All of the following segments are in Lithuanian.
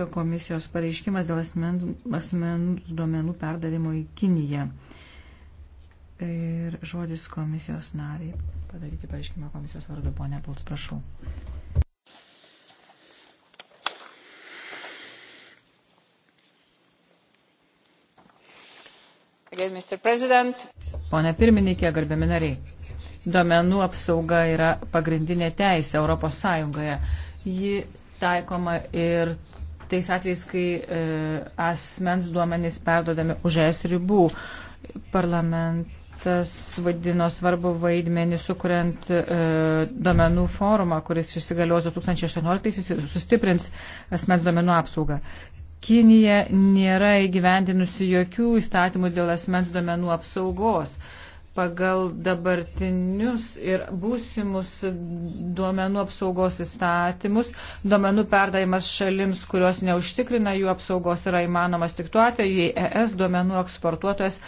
šokė komisijos pareiškimas dėl asmenų, asmenų duomenų perdavimo į Kiniją. Ir žodis komisijos nariai. Padaryti pareiškimą komisijos vardu, ponia Pults, prašau. Pone pirmininkė, garbiami nariai, duomenų apsauga yra pagrindinė teisė Europos Sąjungoje. Ji taikoma ir tais atvejais, kai e, asmens duomenys perdodami už es ribų. Parlamentas vadino svarbu vaidmenį, sukuriant e, duomenų forumą, kuris įsigalios 2018 ir sustiprins asmens duomenų apsaugą. Kinija nėra įgyvendinusi jokių įstatymų dėl asmens duomenų apsaugos. E, pagal dabartinius ir būsimus duomenų apsaugos įstatymus. Duomenų perdavimas šalims, kurios neužtikrina jų apsaugos, yra įmanomas tik tuo atveju, jei ES duomenų eksportuotojas e,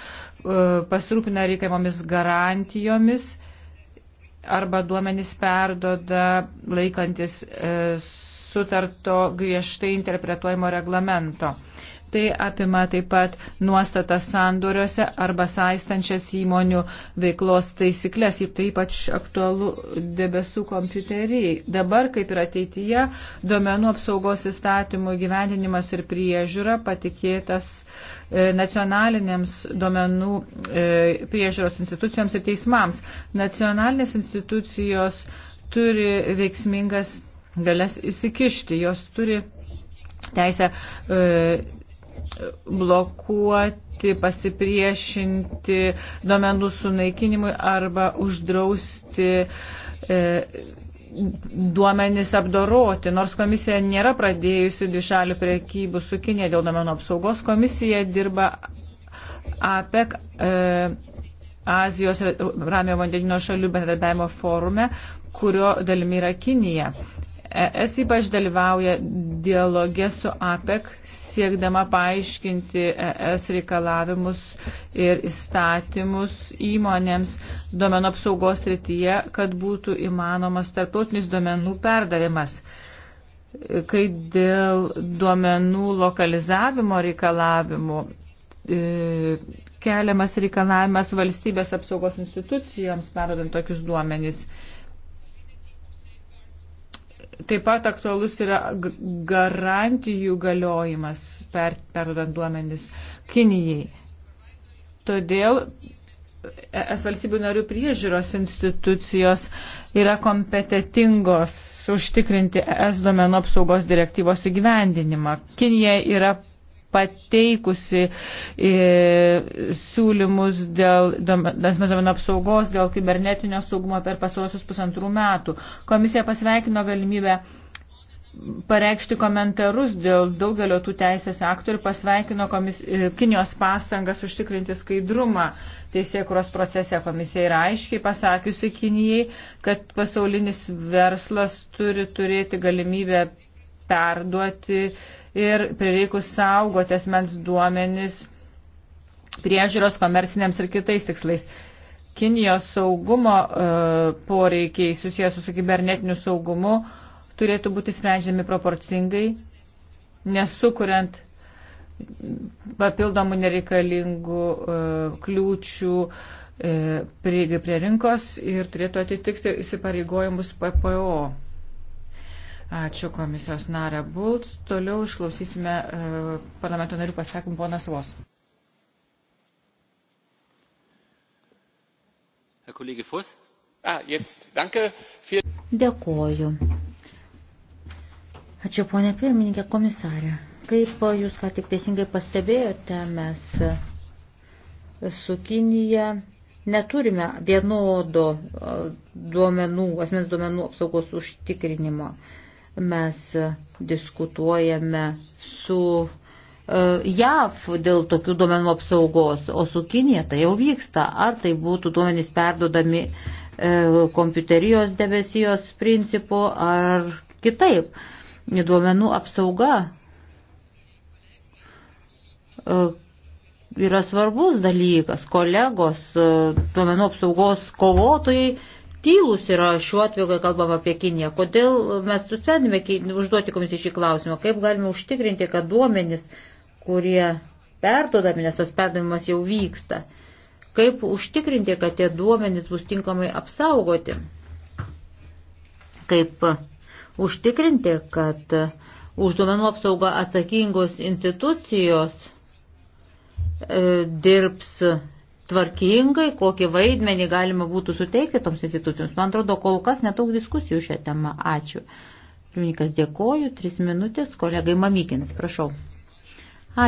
pasirūpina reikiamomis garantijomis arba duomenys perdoda laikantis e, sutarto griežtai interpretuojamo reglamento. Tai apima taip pat nuostatas sandoriuose arba saistančias įmonių veiklos taisyklės, tai ypač aktualu debesų kompiuterijai. Dabar, kaip ir ateityje, duomenų apsaugos įstatymų gyvendinimas ir priežiūra patikėtas e, nacionalinėms duomenų e, priežiūros institucijoms ir teismams. Nacionalinės institucijos turi veiksmingas galės įsikišti, jos turi teisę e, blokuoti, pasipriešinti duomenų sunaikinimui arba uždrausti e, duomenis apdoroti. Nors komisija nėra pradėjusi dvišalių priekybų su Kinė dėl duomenų apsaugos, komisija dirba APEC. E, Azijos ramio vandenino šalių bendradarbiavimo forume, kurio dalimi yra Kinija. ES ypač dalyvauja dialoge su APEC, siekdama paaiškinti ES reikalavimus ir įstatymus įmonėms domenų apsaugos rytyje, kad būtų įmanomas tarptautinis domenų perdavimas. Kai dėl duomenų lokalizavimo reikalavimų e, keliamas reikalavimas valstybės apsaugos institucijoms perdodant tokius duomenys Taip pat aktualus yra garantijų galiojimas per, perdodant duomenis Kinijai. Todėl es valstybių narių priežiūros institucijos yra kompetitingos užtikrinti es duomenų apsaugos direktyvos įgyvendinimą. Kinija yra pateikusi e, siūlymus dėl asmens duomenų apsaugos, dėl kibernetinio saugumo per pastarosius pusantrų metų. Komisija pasveikino galimybę pareikšti komentarus dėl daugelio tų teisės aktų ir pasveikino komis, e, Kinijos pastangas užtikrinti skaidrumą teisėkuros procese. Komisija yra aiškiai pasakiusi Kinijai, kad pasaulinis verslas turi turėti galimybę perduoti uh, ir prireikus saugoti asmens duomenis priežiūros komerciniams ir kitais tikslais. Kinijos saugumo e, poreikiai susijęs su kibernetiniu saugumu turėtų būti sprendžiami proporcingai, nesukuriant papildomų nereikalingų e, kliūčių e, prieigai prie rinkos ir turėtų atitikti įsipareigojimus PPO. Ačiū komisijos narė Bults. Toliau išklausysime uh, parlamento narių pasakymų ponas Vos. Ah, Dėkoju. Ačiū ponė pirmininkė komisarė. Kaip jūs ką tik teisingai pastebėjote, mes su Kinija neturime vienodo e, duomenų, asmens duomenų apsaugos užtikrinimo. Uh, Mes diskutuojame su e, JAV dėl tokių duomenų apsaugos, o su Kinija tai jau vyksta. Ar tai būtų duomenys perdodami e, kompiuterijos debesijos principu ar kitaip. Duomenų apsauga e, yra svarbus dalykas. Kolegos, e, duomenų apsaugos kovotojai tylus yra šiuo atveju, kai kalbam apie Kiniją. Kodėl mes nusprendėme užduoti komisijai šį klausimą? Kaip galime užtikrinti, kad duomenys, kurie perdodami, nes tas perdavimas jau vyksta, kaip užtikrinti, kad tie duomenys bus tinkamai apsaugoti? Kaip užtikrinti, kad už duomenų apsaugą atsakingos institucijos e, dirbs tvarkingai, kokį vaidmenį galima būtų suteikti toms institucijoms. Man atrodo, kol kas netaug diskusijų šią temą. Ačiū. Pirmininkas dėkoju. Tris minutės. Kolegai Mamykins, prašau.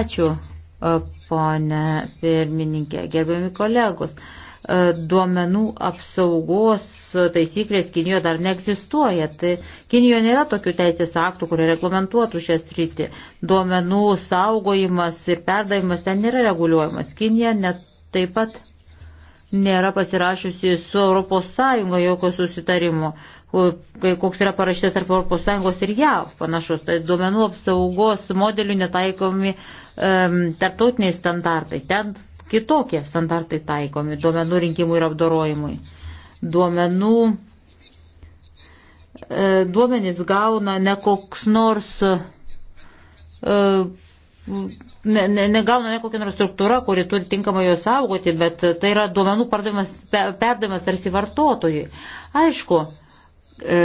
Ačiū, e, ponė pirmininkė. Gerbiami kolegos. E, duomenų apsaugos taisyklės Kinijoje dar neegzistuoja. Tai Kinijoje nėra tokių teisės aktų, kurie reglamentuotų šią sritį. Duomenų saugojimas ir perdavimas ten nėra reguliuojamas. Kinija net taip pat nėra pasirašiusi su ES jokio susitarimo, koks yra parašytas tarp ES ir JAV panašus. Tai duomenų apsaugos modelių netaikomi um, tarptautiniai standartai. Ten kitokie standartai taikomi duomenų rinkimui ir apdorojimui. Duomenų, e, duomenys gauna ne koks nors e, ne, ne, negauna ne kokia nors struktūra, kuri turi tinkamai juos saugoti, bet tai yra duomenų pardavimas, pe, perdavimas tarsi vartotojui. Aišku, e,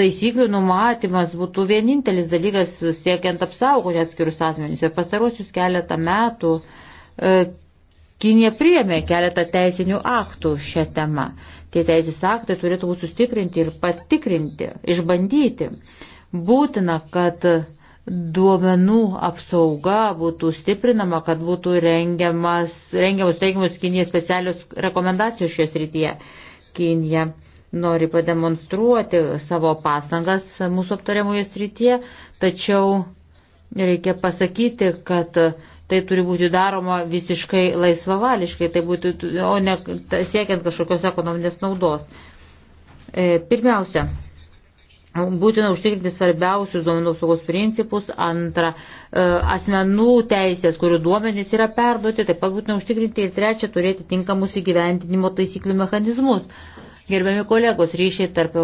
taisyklių numatymas būtų vienintelis dalykas siekiant apsaugoti atskirius asmenys. Ir pasarosius keletą metų e, Kinė priemė keletą teisinių aktų šią temą. Tie teisės aktai turėtų būti sustiprinti ir patikrinti, išbandyti. Būtina, kad e, duomenų apsauga būtų stiprinama, kad būtų rengiamas, rengiamus teigiamus Kinijai specialius rekomendacijos šios rytyje. Kinija nori pademonstruoti savo pastangas mūsų aptariamoje srityje, tačiau reikia pasakyti, kad tai turi būti daroma visiškai laisvavališkai, tai būtų, o ne siekiant kažkokios ekonominės naudos. E, pirmiausia, būtina užtikrinti svarbiausius duomenų saugos principus, antra, e, asmenų teisės, kurių duomenys yra perduoti, taip pat būtina užtikrinti ir trečia, turėti tinkamus įgyventinimo taisyklių mechanizmus. Gerbiami kolegos, ryšiai tarp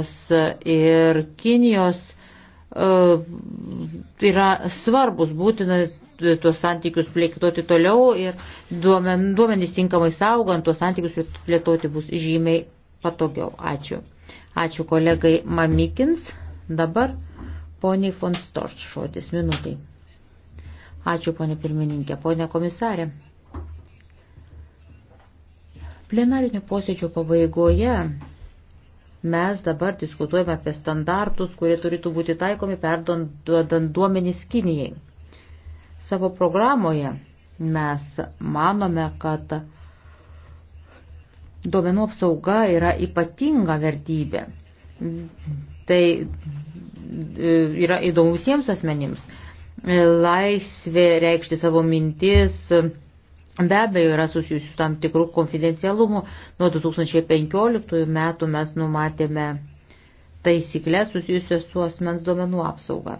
ES ir Kinijos e, yra svarbus, būtina tuos santykius plėtoti toliau ir duomenys tinkamai saugant, tuos santykius plėtoti bus žymiai patogiau. Ačiū. Ačiū kolegai Mamikins. Dabar poniai von Storch šodis minutai. Ačiū ponė pirmininkė, ponė komisarė. Plenarinio posėdžio pabaigoje mes dabar diskutuojame apie standartus, kurie turėtų būti taikomi perdodant duomenys Kinijai. Savo programoje mes manome, kad duomenų apsauga yra ypatinga vertybė. Tai e, yra įdomu visiems asmenims. E, laisvė reikšti savo mintis e, be abejo yra susijusių tam tikrų konfidencialumų. Nuo 2015 metų mes numatėme taisyklės susijusios su asmens duomenų apsauga.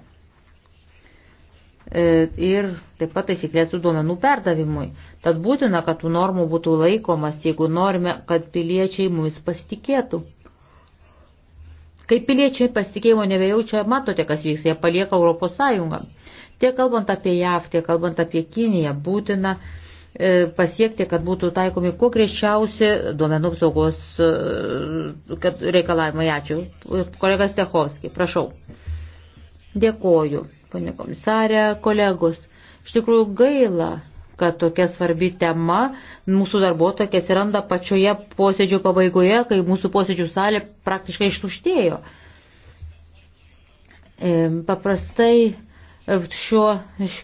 E, ir taip pat taisyklės su duomenų perdavimui. Tad būtina, kad tų normų būtų laikomas, jeigu norime, kad piliečiai mumis pasitikėtų. Kai piliečiai pasitikėjimo nebejaučia, matote, kas vyks, jie palieka Europos Sąjungą. Tiek kalbant apie JAV, tiek kalbant apie Kiniją, būtina e, pasiekti, kad būtų taikomi kuo greičiausi duomenų apsaugos e, reikalavimai. Ačiū. Kolegas Techovski, prašau. Dėkoju ponė komisarė, kolegos. Iš tikrųjų gaila, kad tokia svarbi tema mūsų darbo tokia atsiranda pačioje posėdžio pabaigoje, kai mūsų posėdžių salė praktiškai ištuštėjo. E, paprastai e, šiuo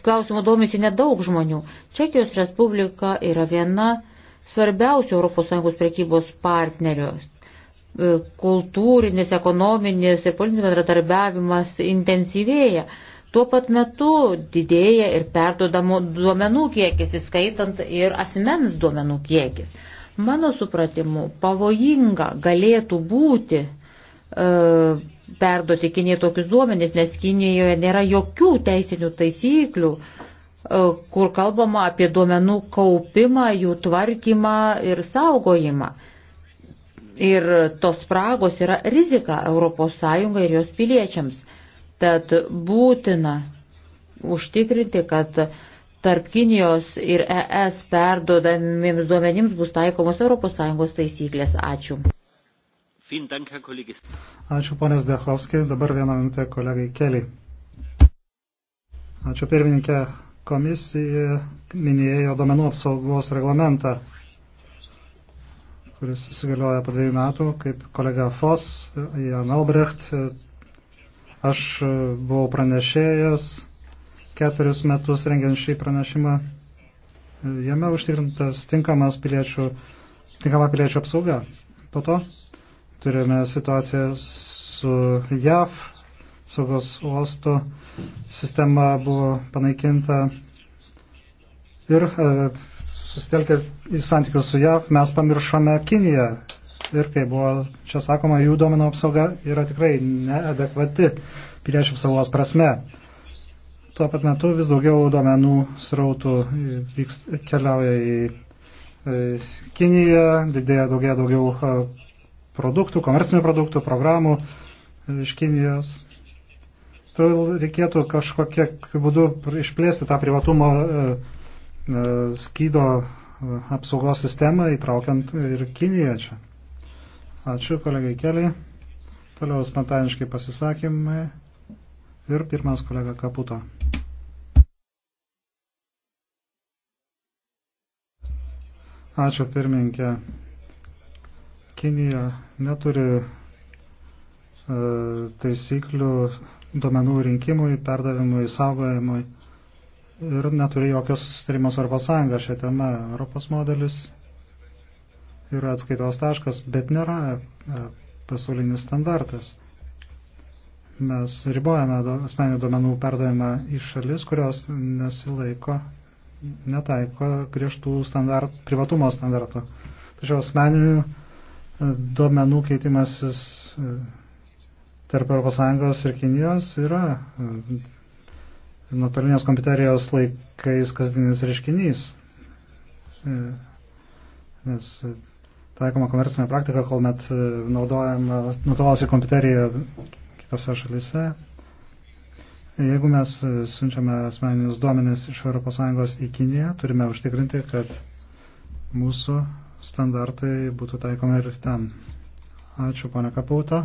klausimu domisi nedaug žmonių. Čekijos Respublika yra viena svarbiausių ES prekybos partnerių. E, kultūrinis, ekonominis ir politinis bendradarbiavimas intensyvėja. Tuo pat metu didėja ir perdodamų duomenų kiekis, įskaitant ir asmens duomenų kiekis. Mano supratimu, pavojinga galėtų būti e, perduoti Kinijai tokius duomenys, nes Kinijoje nėra jokių teisinių taisyklių, e, kur kalbama apie duomenų kaupimą, jų tvarkymą ir saugojimą. Ir tos spragos yra rizika ES ir jos piliečiams. Tad būtina užtikrinti, kad tarp Kinijos ir ES perdodamiems duomenims bus taikomos ES taisyklės. Ačiū. Ačiū ponės Dehovskiai. Dabar vieną minutę kolegai Keliai. Ačiū pirmininkė. Komisija minėjo domenų apsaugos reglamentą, kuris susigalioja po dviejų metų, kaip kolega Foss, Jan Albrecht Aš e, buvau pranešėjęs ketverius metus rengiant šį pranešimą. E, jame užtikrintas tinkamas piliečių, tinkama piliečių apsauga. Po to turime situaciją su JAV, saugos uosto sistema buvo panaikinta ir e, susitelkę į santykius su JAV mes pamiršome Kiniją ir kaip buvo čia sakoma, jų domino apsauga yra tikrai neadekvati piliečių apsaugos prasme. Tuo pat metu vis daugiau duomenų srautų vykst, keliauja į Kiniją, didėja daugia daugiau e, produktų, komercinių produktų, programų e, iš Kinijos. Todėl reikėtų kažkokie būdu išplėsti tą privatumo e, skydo apsaugos sistemą, įtraukiant ir Kiniją čia. Ačiū kolegai Keliai. Toliau spontaniškai pasisakymai. Ir pirmas kolega Kaputo. Ačiū pirmininkė. Kinija neturi e, taisyklių duomenų rinkimui, perdavimui, saugojimui ir neturi jokios susitarimo su Europos Sąjunga šią temą. Europos modelis yra atskaitos taškas, bet nėra e, pasaulinis standartas. Mes ribojame asmeninių duomenų perdavimą į šalis, kurios nesilaiko, netaiko griežtų standart, privatumo standartų. Tačiau asmeninių e, duomenų keitimasis e, tarp ES ir Kinijos yra nuotolinės kompiuterijos laikais kasdienis reiškinys. Nes taikoma komercinė praktika, kol met e, naudojama nutolusi kompiuterija kitose šalise. Jeigu mes e, siunčiame asmeninius duomenis iš ES į Kiniją, turime užtikrinti, kad mūsų standartai būtų taikomi ir ten. Ačiū, ponia Kapauta.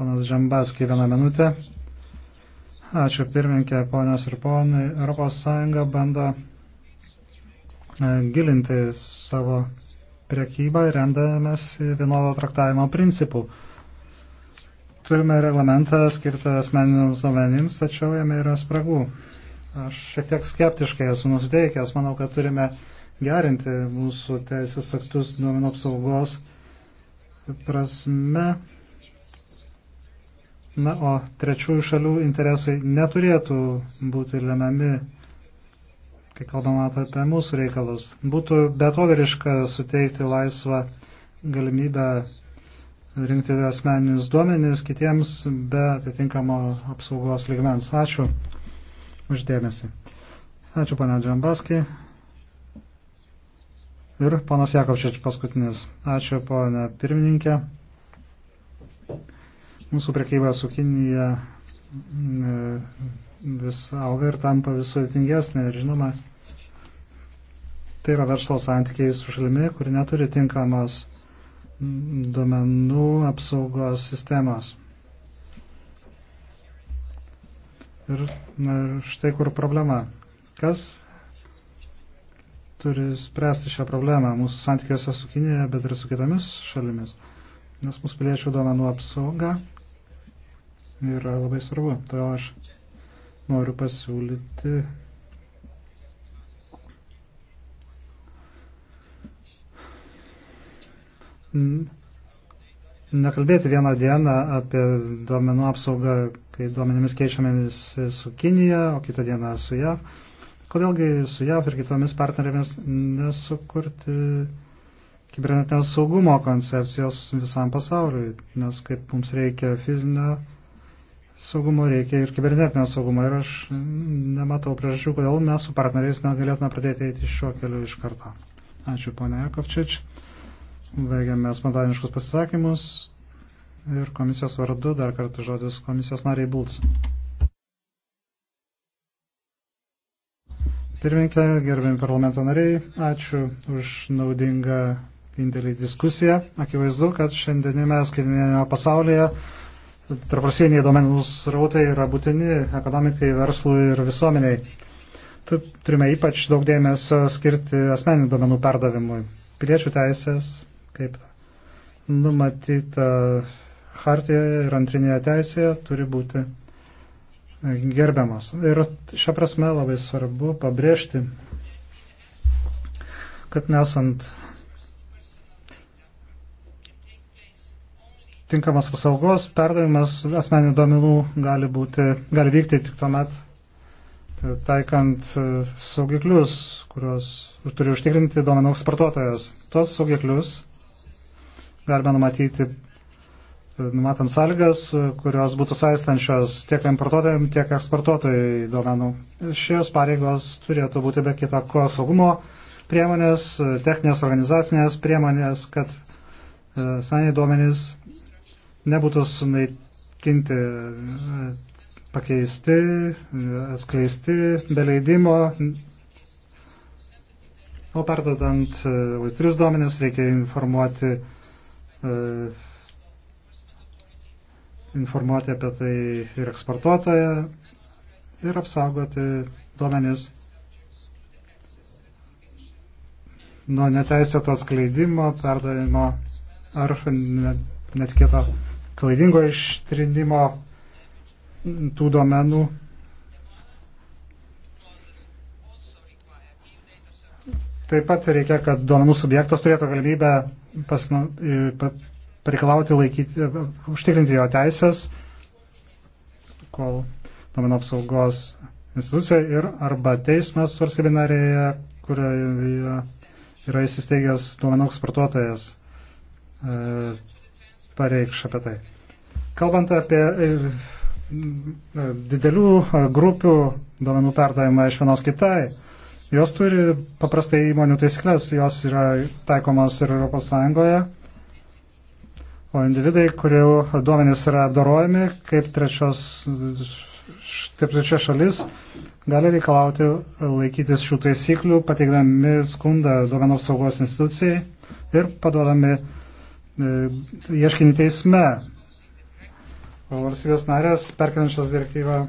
Panas Žembaskį vieną minutę. Ačiū pirmininkė, ponios ir ponai. ES bando e, gilinti savo priekybą ir rendamės vienodo traktavimo principų. Turime reglamentą skirtą asmeniniams duomenims, tačiau jame yra spragų. Aš šiek tiek skeptiškai esu nusteikęs, manau, kad turime gerinti mūsų teisės aktus duomenų apsaugos prasme. Na, o trečiųjų šalių interesai neturėtų būti lemiami kai kalbama apie mūsų reikalus. Būtų betoveriška suteikti laisvą galimybę rinkti asmeninius duomenys kitiems be atitinkamo apsaugos ligmens. Ačiū uždėmesi. Ačiū, pana Džambaski. Ir panas Jakovčič paskutinis. Ačiū, pana pirmininkė. Mūsų prekyba su Kinija e, vis auga ir tampa vis sudėtingesnė. Ir žinoma, Tai yra verslo santykiai su šalimi, kuri neturi tinkamos duomenų apsaugos sistemos. Ir na, štai kur problema. Kas turi spręsti šią problemą mūsų santykiuose su Kinėje, bet ir su kitomis šalimis. Nes mūsų piliečių duomenų apsauga yra labai svarbu. Todėl aš noriu pasiūlyti nekalbėti vieną dieną apie duomenų apsaugą, kai duomenimis keičiamėmis su Kinija, o kitą dieną su JAV. Kodėlgi su JAV ir kitomis partnerėmis nesukurti kibernetinio saugumo koncepcijos visam pasauliui, nes kaip mums reikia fizinio saugumo, reikia ir kibernetinio saugumo. Ir aš nematau priežasčių, kodėl mes su partneriais negalėtume pradėti eiti šiuo keliu iš karto. Ačiū, ponia Jakovčič. Baigiame spontaniškus pasisakymus ir komisijos vardu dar kartą žodis komisijos nariai Bulc. Pirmininkė, gerbėjim parlamento nariai, ačiū už naudingą indėlį į diskusiją. Akivaizdu, kad šiandienime skaitmeninėme pasaulyje tarpasieniai duomenų srautai yra būtini ekonomikai, verslui ir visuomeniai. Turime ypač daug dėmesio skirti asmeninių duomenų perdavimui. Piliečių teisės, kaip numatyta hartijoje ir antrinėje teisėje, turi būti e, gerbiamas. Ir šią prasme labai svarbu pabrėžti, kad nesant tinkamas apsaugos, perdavimas asmeninių duomenų gali, būti, gali vykti tik tuomet e, taikant e, saugiklius, kuriuos turi užtikrinti duomenų eksportuotojas. Tuos saugiklius galime numatyti, e, numatant sąlygas, e, kurios būtų saistančios tiek importuotojams, tiek eksportuotojai duomenų. Šios pareigos turėtų būti be kita ko saugumo priemonės, e, techninės organizacinės priemonės, kad asmeniai duomenys nebūtų sunaikinti, pakeisti, atskleisti be leidimo. O perdodant jautrius duomenis reikia informuoti E, informuoti apie tai ir eksportuotoją ir apsaugoti duomenis nuo neteisėto atskleidimo, perdavimo ar netikėto klaidingo ištrindimo tų duomenų Taip pat reikia, kad duomenų subjektas turėtų galimybę pasinu, pareikalauti laikyti, e, užtikrinti jo teisės, kol duomenų apsaugos institucija ir arba teismas valstybinarėje, kurioje yra įsisteigęs duomenų eksportuotojas, e, pareikš apie tai. Kalbant apie e, didelių grupių duomenų perdavimą iš vienos kitai, Jos turi paprastai įmonių taisyklės, jos yra taikomos ir ES, o individai, kurių duomenys yra apdorojami, kaip trečios, kaip trečia šalis, gali reikalauti laikytis šių taisyklių, pateikdami skundą duomenų apsaugos institucijai ir paduodami e, ieškinį teisme. O valstybės narės, perkinančios direktyvą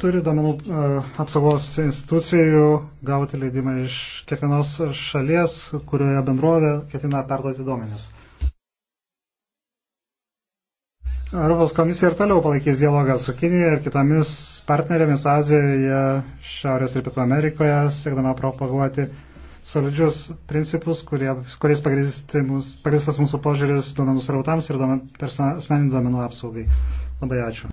turi domenų e, apsaugos institucijų gauti leidimą iš kiekvienos šalies, kurioje bendrovė ketina perduoti duomenis. Europos komisija ir toliau palaikys dialogą su Kinija ir kitomis partnerėmis Azijoje, Šiaurės ir Pietų Amerikoje, siekdama propaguoti solidžius principus, kurie, kuriais pagrįstas mūsų požiūris duomenų srautams ir duomen, asmeninių duomenų apsaugai. Labai ačiū.